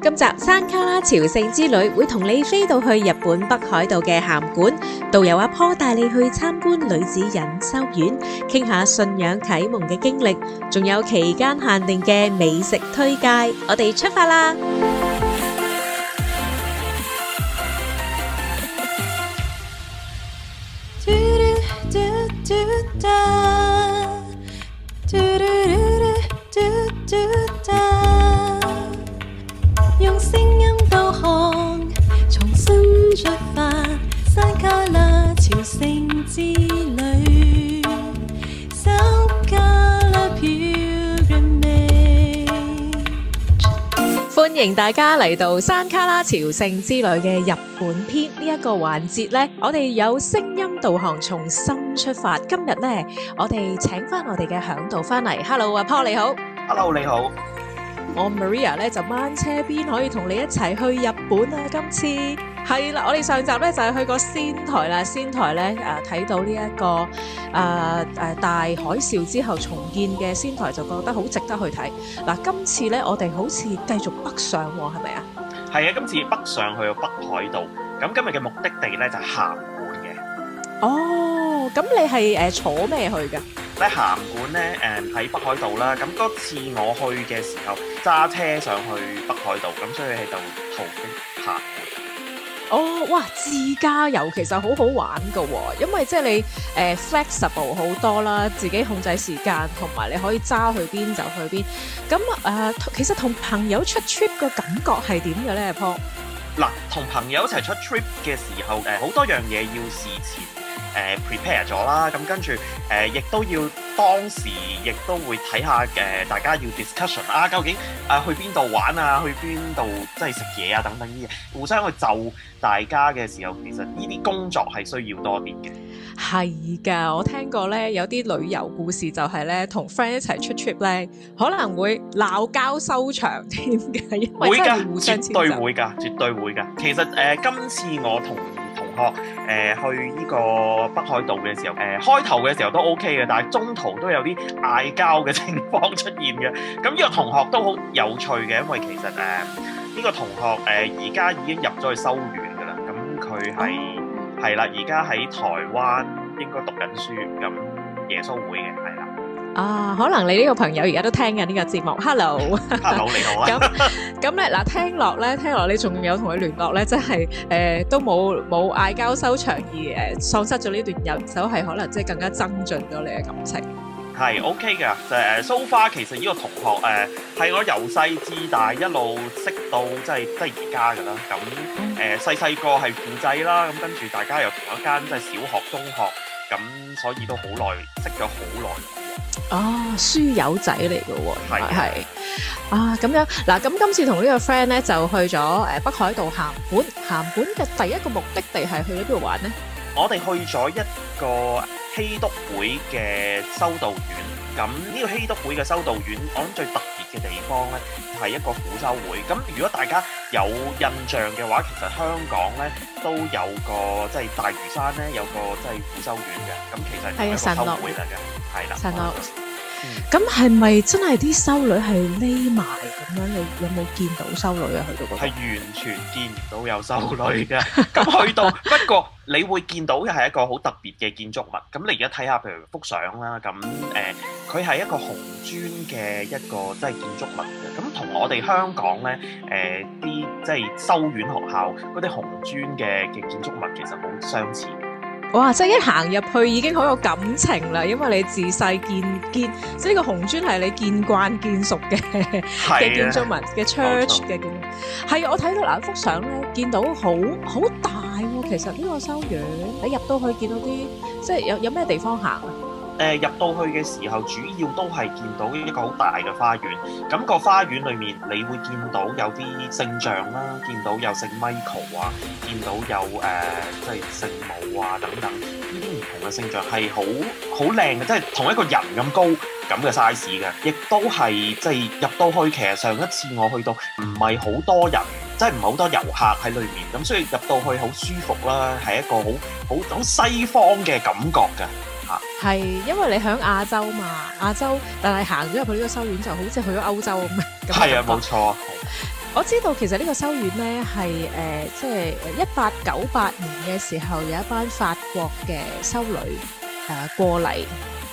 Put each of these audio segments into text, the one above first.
今集山旮旯朝聖之旅，會同你飛到去日本北海道嘅函館，導遊阿 Paul 帶你去參觀女子隱修院，傾下信仰啟蒙嘅經歷，仲有期間限定嘅美食推介，我哋出發啦！出發山旮旯朝聖之旅，山旮旯飄韻味。歡迎大家嚟到山旮旯朝聖之旅嘅日本篇呢一個環節咧，我哋有聲音導航從心出發。今日咧，我哋請返我哋嘅嚮導返嚟。Hello，阿 Paul 你好，Hello 你好，我 Maria 咧就掹車邊可以同你一齊去日本啊！今次。係啦，我哋上集咧就係去個仙台啦，仙台咧誒睇到呢一個誒誒大海嘯之後重建嘅仙台，就覺得好值得去睇。嗱，今次咧我哋好似繼續北上喎，係咪啊？係啊，今次北上去到北海道，咁今日嘅目的地咧就係函館嘅。哦，咁你係誒坐咩去噶？咧函館咧誒喺北海道啦，咁嗰次我去嘅時候揸車上去北海道，咁所以係就徒步行。哦，哇！自駕遊其實好好玩噶。哦，因為即係你誒、呃、flexible 好多啦，自己控制時間，同埋你可以揸去邊就去邊。咁誒、呃，其實同朋友出 trip 嘅感覺係點嘅咧？阿 Paul，嗱，同朋友一齊出 trip 嘅時候，誒、呃、好多樣嘢要事前。誒 prepare 咗啦，咁、呃、跟住誒、呃，亦都要當時亦都會睇下誒、呃，大家要 discussion 啊，究竟啊、呃、去邊度玩啊，去邊度即係食嘢啊，等等呢嘢，互相去就大家嘅時候，其實呢啲工作係需要多啲嘅。係噶，我聽過咧，有啲旅遊故事就係咧，同 friend 一齊出 trip 咧，可能會鬧交收場添嘅，因為真係互相黐。絕對會噶，絕對會噶。其實誒、呃，今次我同學誒、呃、去呢個北海道嘅時候，誒、呃、開頭嘅時候都 OK 嘅，但係中途都有啲嗌交嘅情況出現嘅。咁呢個同學都好有趣嘅，因為其實誒呢、呃呢個同學誒而家已經入咗去修院噶啦，咁佢係係啦，而家喺台灣應該讀緊書，咁耶穌會嘅係啦。啊，可能你呢個朋友而家都聽緊呢個節目，hello，你好你好啊。咁咁咧嗱，聽落咧，聽落你仲有同佢聯絡咧，即係誒都冇冇嗌交收場而誒喪失咗呢段友誼，都係可能即係更加增進咗你嘅感情。係 OK 嘅，就誒蘇花其實呢個同學誒係我由細至大一路識到，即係即係而家㗎啦。咁誒細細個係附制啦，咁跟住大家又同一間即係小學、中學，咁所以都好耐識咗好耐。哦，書友仔嚟噶喎，係係，啊咁樣，嗱咁今次同呢個 friend 咧就去咗誒北海道函館，函館嘅第一個目的地係去咗邊度玩咧？我哋去咗一個熙篤會嘅修道院，咁呢個熙篤會嘅修道院，我諗最特。嘅地方咧，係一個苦修會。咁如果大家有印象嘅話，其實香港咧都有個即係大嶼山咧有個即係苦修院嘅。咁其實係啊，神樂會嚟噶，係啦，神樂。咁係咪真係啲修女係匿埋？咁樣你有冇見到修女啊？去到嗰度係完全見唔到有修女嘅。咁去到不過。你會見到嘅係一個好特別嘅建築物，咁你而家睇下，譬如幅相啦，咁誒，佢係一個紅磚嘅一個即係建築物嘅，咁同我哋香港咧誒啲即係修院學校嗰啲紅磚嘅嘅建築物其實好相似。哇！即係一行入去已經好有感情啦，因為你自細見見，所以個紅磚係你見慣見熟嘅嘅建築物嘅 church 嘅建築，係我睇到嗱幅相咧，見到好好大。其實呢個修院，你入到去見到啲，即係有有咩地方行啊？誒，入到去嘅時候，主要都係見到一個好大嘅花園。咁個花園裏面，你會見到有啲聖像啦，見到有聖 Michael 啊，見到有誒，即係聖母啊等等，呢啲唔同嘅聖像係好好靚嘅，即係同一個人咁高咁嘅 size 嘅，亦都係即係入到去。其實上一次我去到唔係好多人。真係唔係好多遊客喺裏面，咁所以入到去好舒服啦，係一個好好好西方嘅感覺噶嚇。係因為你響亞洲嘛，亞洲，但係行咗入去呢個修院就好似去咗歐洲咁。係啊，冇錯。我知道其實呢個修院呢係誒，即係一八九八年嘅時候有一班法國嘅修女誒過嚟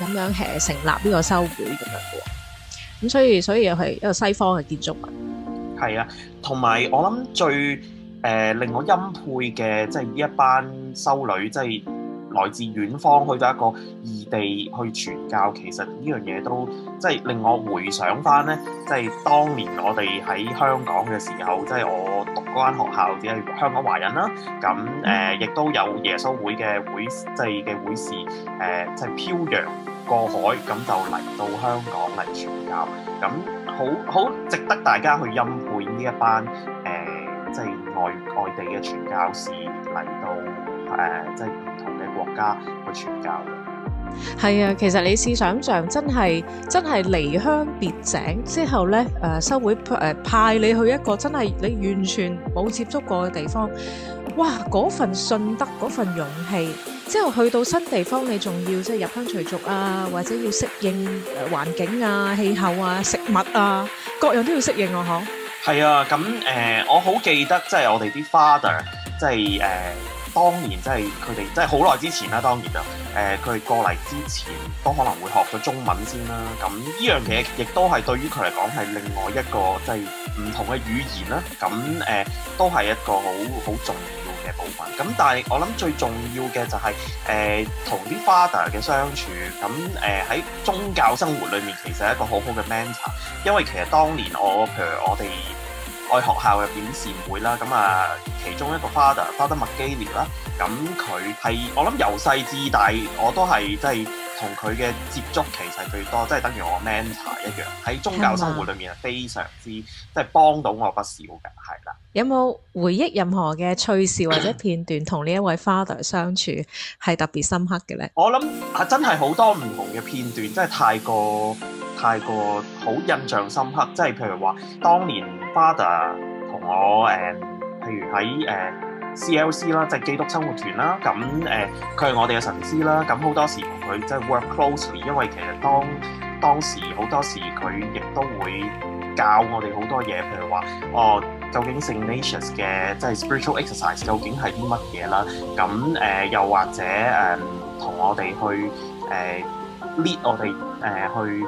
咁樣係成立呢個修會咁樣嘅。咁所以所以又係一個西方嘅建築物。係啊，同埋我諗最誒、呃、令我欽佩嘅，即係呢一班修女，即係來自遠方去到一個異地去傳教，其實呢樣嘢都即係令我回想翻呢，即係當年我哋喺香港嘅時候，即係我讀嗰間學校即係香港華人啦，咁誒亦都有耶穌會嘅會即係嘅會士，誒、呃、即係漂洋過海咁就嚟到香港嚟傳教，咁好好值得大家去欽。呢一班誒，即係外外地嘅傳教士嚟到誒，即係唔同嘅國家去傳教。係啊，其實你試想像，真係真係離鄉別井之後咧，誒，修會誒派你去一個真係你完全冇接觸過嘅地方，哇！嗰份信德，嗰份勇氣，之後去到新地方，你仲要即係入鄉隨俗啊，或者要適應誒環境啊、氣候啊、食物啊，各樣都要適應啊！嗬～係啊，咁誒、呃，我好記得，即係我哋啲 father，即係誒、呃，當年即係佢哋，即係好耐之前啦，當然啦，誒、呃，佢過嚟之前都可能會學咗中文先啦。咁呢樣嘢亦都係對於佢嚟講係另外一個即係唔同嘅語言啦。咁誒、呃，都係一個好好重。嘅部分，咁但係我諗最重要嘅就係、是，誒、呃，同啲 father 嘅相處，咁誒喺宗教生活裏面其實係一個好好嘅 mentor，因為其實當年我譬如我哋愛學校入邊善會啦，咁啊其中一個 father，father 麥基尼啦，咁佢係我諗由細至大我都係即係。就是同佢嘅接觸其實最多，即係等於我 mentor 一樣，喺宗教生活裏面係非常之即係嗎幫到我不少嘅，係啦。有冇回憶任何嘅趣事或者片段，同呢一位 father 相處係特別深刻嘅咧？ 我諗係真係好多唔同嘅片段，真係太過太過好印象深刻。即係譬如話，當年 father 同我誒、呃，譬如喺誒。呃 C.L.C. 啦，即係基督生活團啦。咁誒，佢、呃、係我哋嘅神師啦。咁好多時佢即係 work closely，因為其實當當時好多時佢亦都會教我哋好多嘢，譬如話哦，究竟 Ignatius 嘅即係、就是、spiritual exercise 究竟係啲乜嘢啦？咁誒、呃，又或者誒，同、呃、我哋去誒、呃、lead 我哋誒、呃、去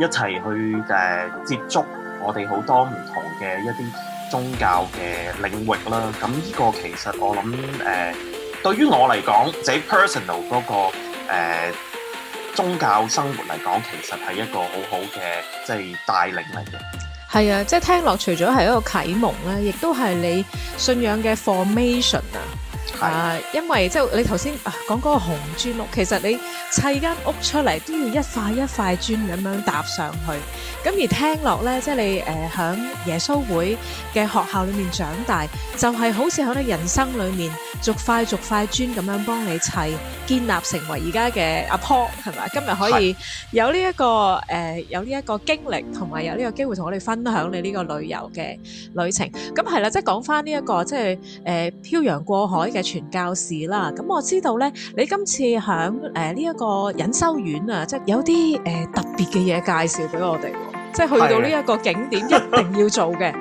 一齊去誒、呃、接觸我哋好多唔同嘅一啲。宗教嘅領域啦，咁呢個其實我諗誒、呃，對於我嚟講，自己 personal 嗰個、那個呃、宗教生活嚟講，其實係一個好好嘅即係帶領嚟嘅。係啊，即係聽落，除咗係一個啟蒙啦、啊，亦都係你信仰嘅 formation 啊。啊，因為即係你頭先啊講嗰個紅磚屋，其實你砌間屋出嚟都要一塊一塊磚咁樣搭上去。咁而聽落咧，即係你誒響耶穌會嘅學校裏面長大，就係好似響你人生裏面逐塊逐塊磚咁樣幫你砌，建立成為而家嘅阿 Paul 係咪？今日可以有呢一個誒有呢一個經歷，同埋有呢個機會同我哋分享你呢個旅遊嘅旅程。咁係啦，即係講翻呢一個即係誒漂洋過海嘅。傳教士啦，咁我知道咧，你今次響誒呢一個隱修院啊，即係有啲誒特別嘅嘢，介紹俾我哋，即係去到呢一個景點一定要做嘅。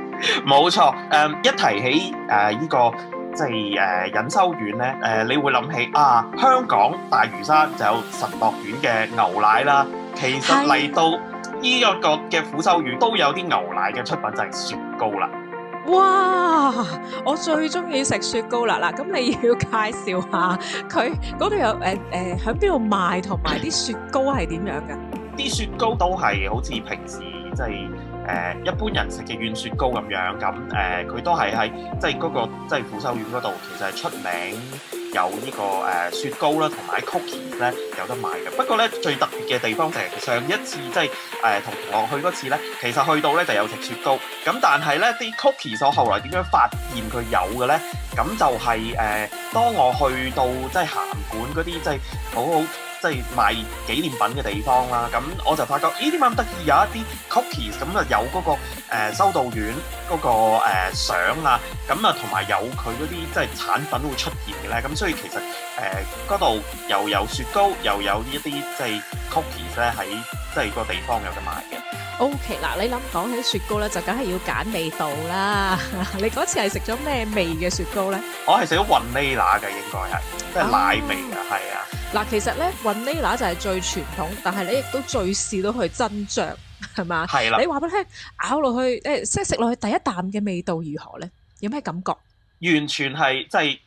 冇錯，誒一提起誒呢個即係誒隱修院咧，誒你會諗起啊香港大嶼山就有神樂院嘅牛奶啦，其實嚟到呢一個嘅苦修院都有啲牛奶嘅出品，就係雪糕啦。哇！我最中意食雪糕啦，嗱，咁你要介紹下佢嗰度有誒誒喺邊度賣，同埋啲雪糕係點樣嘅？啲雪糕都係好似平時即係誒一般人食嘅軟雪糕咁樣，咁誒佢都係喺即係嗰個即係修院嗰度，其實係出名。有呢個誒雪糕啦，同埋 cookie 咧有得賣嘅。不過咧，最特別嘅地方就係上一次即係誒同同學去嗰次咧，其實去到咧就有食雪糕。咁但係咧啲 cookie，我後來點樣發現佢有嘅咧？咁就係、是、誒、呃，當我去到即係函館嗰啲即係好好。就是即係賣紀念品嘅地方啦，咁我就發覺咦，點解咁得意有一啲 cookies，咁啊有嗰個誒修道院嗰個誒相啊，咁啊同埋有佢嗰啲即係產品會出現嘅咧，咁所以其實誒嗰度又有雪糕，又有呢一啲即係 cookies 咧喺即係個地方有得賣嘅。OK，嗱，你諗講起雪糕咧，就梗係要揀味道啦。你嗰次係食咗咩味嘅雪糕咧？我係食咗雲尼拿嘅，應該係即係奶味啊，係啊。嗱，其實咧雲呢拿就係最傳統，但係你亦都最試到佢真著，係嘛？係啦。你話俾佢聽咬落去，誒，即係食落去第一啖嘅味道如何咧？有咩感覺？完全係即係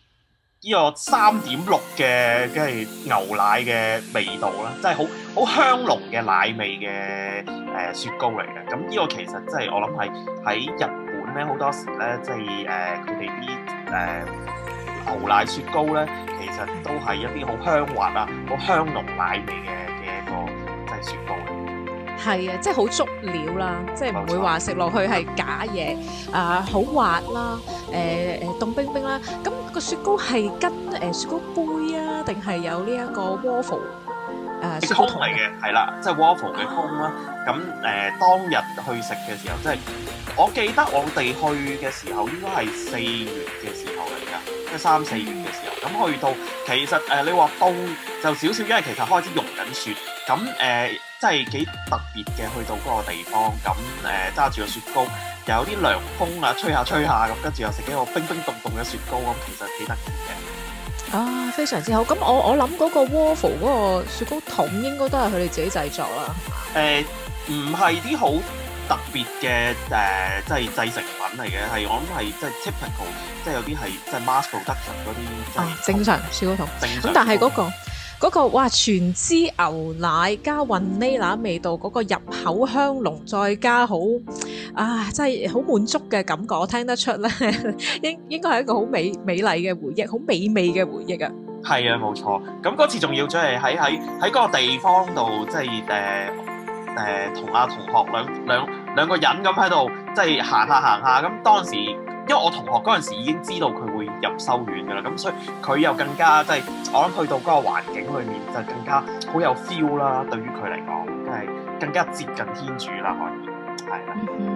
呢個三點六嘅即係牛奶嘅味道啦，即係好好香濃嘅奶味嘅誒雪糕嚟嘅。咁呢個其實即係我諗係喺日本咧好多時咧，即係誒佢哋啲誒。牛奶雪糕咧，其實都係一啲好香滑啊、好香濃奶味嘅嘅一個即係雪糕嚟。係啊，即係好足料啦，即係唔會話食落去係假嘢啊，好滑啦，誒誒凍冰冰啦。咁個雪糕係跟誒雪糕杯啊，定係有呢一個 Waffle 誒雪糕筒嚟嘅，係啦，即係 Waffle 嘅筒啦。咁誒當日去食嘅時候，即係我記得我哋去嘅時候應該係四月嘅時候嚟。即三四月嘅時候，咁去到其實誒、呃，你話凍就少少，因為其實開始融緊雪，咁誒，即係幾特別嘅去到嗰個地方，咁誒，揸住個雪糕，又有啲涼風啊，吹下吹下，咁跟住又食幾個冰冰凍凍嘅雪糕，咁其實幾得意嘅。啊，非常之好！咁我我諗嗰個窩夫嗰個雪糕桶應該都係佢哋自己製作啦。誒、呃，唔係啲好特別嘅，誒、呃，即係製成。品嚟嘅，係我諗係即係 typical，即係有啲係即係 masculine 嗰啲。哦，正常，小哥同。正常。咁但係嗰個嗰個，哇！全脂牛奶加雲呢拿味道，嗰個入口香濃，再加好啊，即係好滿足嘅感覺，我聽得出咧。應應該係一個好美美麗嘅回憶，好美味嘅回憶啊。係啊，冇錯。咁嗰次仲要即係喺喺喺嗰個地方度，即係誒。誒同阿同學兩兩兩個人咁喺度，即係行下行下咁。當時因為我同學嗰陣時已經知道佢會入修院㗎喇，咁所以佢又更加即係、就是、我諗去到嗰個環境裡面就更加好有 feel 啦。對於佢嚟講，係更加接近天主啦，可以，係。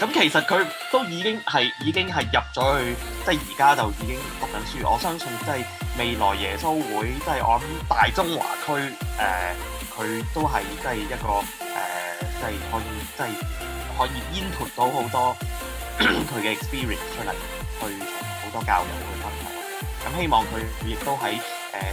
咁其實佢都已經係已經係入咗去，即係而家就已經讀緊書。我相信即係未來耶穌會，即係我諗大中華區誒，佢都係即係一個誒，即係可以即係可以 input 到好多佢嘅 experience 出嚟，去同好多教友去分享。咁希望佢亦都喺誒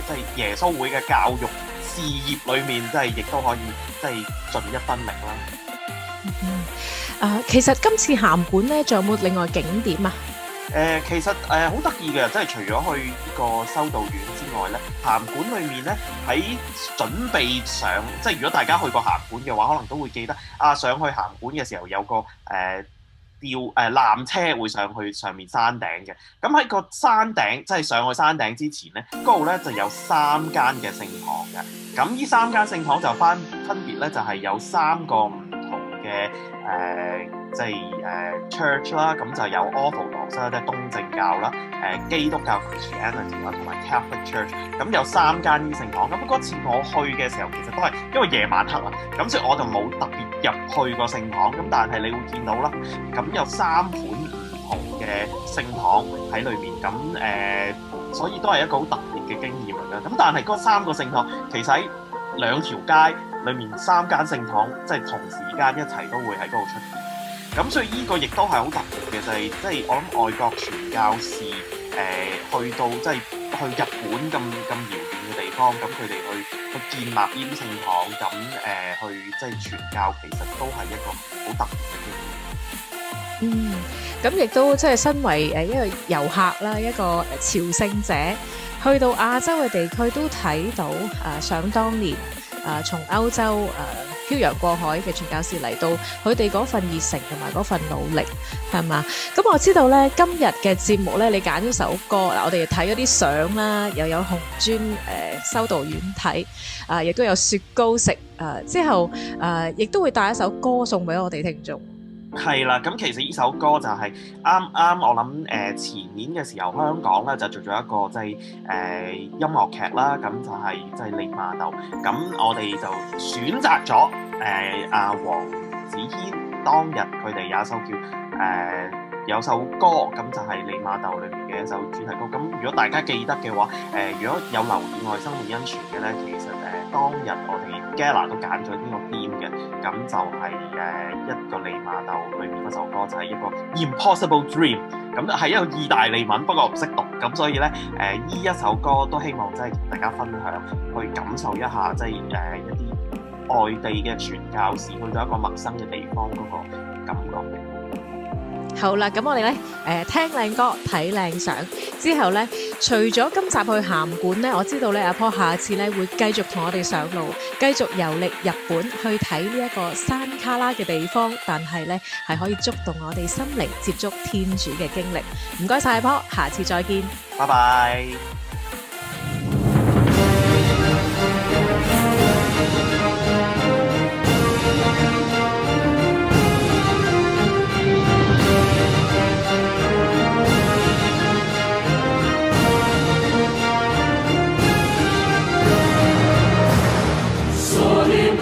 即係耶穌會嘅教育事業裏面，即係亦都可以即係盡一分力啦。 啊，uh, 其實今次函館咧，仲、呃、有冇另外景點啊？誒，其實誒好得意嘅，即係除咗去呢個修道院之外咧，函館裏面咧喺準備上，即係如果大家去過函館嘅話，可能都會記得啊，上去函館嘅時候有個誒、呃、吊誒、呃、纜車會上去上面山頂嘅。咁喺個山頂，即係上去山頂之前咧，度咧就有三間嘅聖堂嘅。咁呢三間聖堂就分分別咧，就係、是、有三個。嘅誒，即係誒 Church 啦，咁就有 Orthodox 咧，即係東正教啦，誒基督教 Christianity 啦，同埋 Catholic Church，咁有三間呢聖堂。咁嗰次我去嘅時候，其實都係因為夜晚黑啊，咁所以我就冇特別入去過聖堂。咁但係你會見到啦，咁有三款唔同嘅聖堂喺裏面。咁誒，所以都係一個好特別嘅經驗啊。咁但係嗰三個聖堂其實喺兩條街裏面三間聖堂，即係同時間一齊都會喺嗰度出現。咁所以呢個亦都係好特別嘅，就係、是、即係我諗外國傳教士誒、呃、去到即係去日本咁咁遙遠嘅地方，咁佢哋去去建立啲聖堂，咁誒、呃、去即係傳教，其實都係一個好特別嘅經驗。嗯，咁亦都即係身為誒一個遊客啦，一個朝聖者，去到亞洲嘅地區都睇到誒，想當年。啊！從歐洲誒漂洋過海嘅傳教士嚟到，佢哋嗰份熱誠同埋嗰份努力係嘛？咁我知道咧，今日嘅節目咧，你揀咗首歌嗱，我哋睇咗啲相啦，又有紅磚誒修道院睇啊，亦都有雪糕食啊，之後誒，亦都會帶一首歌送俾我哋聽眾。係啦，咁其實呢首歌就係啱啱我諗誒、呃、前年嘅時候，香港咧就做咗一個即係誒、呃、音樂劇啦，咁就係、是、即係《利馬豆》。咁我哋就選擇咗誒阿黃子軒當日佢哋有一首叫誒、呃、有首歌，咁就係《利馬豆》裏面嘅一首主題曲。咁如果大家記得嘅話，誒、呃、如果有留意《外心會恩存》嘅咧，其實誒、呃、當日我哋 Gala 都揀咗呢個、D 嘅，咁就係誒一個利馬豆裏面一首歌就係一個 Impossible Dream，咁係一個意大利文，不過我唔識讀，咁所以咧誒呢一首歌都希望即係同大家分享，去感受一下即係誒一啲外地嘅傳教士去到一個陌生嘅地方嗰個感覺。好啦，咁我哋咧誒聽靚歌睇靚相之後咧。除咗今集去函館咧，我知道咧阿 Paul 下次咧會繼續同我哋上路，繼續遊歷日本，去睇呢一個山卡拉嘅地方。但係咧係可以觸動我哋心靈、接觸天主嘅經歷。唔該晒阿 Paul，下次再見，拜拜。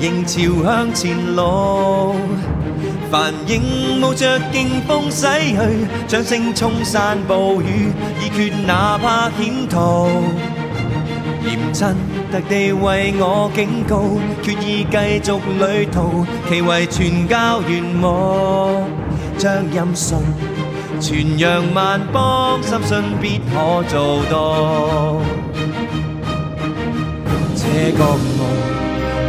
迎朝向前路，帆影舞着勁風駛去，掌聲沖散暴雨，已決哪怕險途。嚴親特地為我警告，決意繼續旅途，其為傳教願望，將音信傳揚萬邦，深信必可做到。這個夢。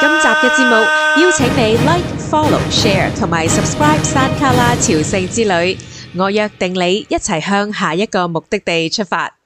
今集嘅節目，邀請你 Like、Follow、Share 同埋 Subscribe《山旮旯朝聖之旅》，我約定你一齊向下一個目的地出發。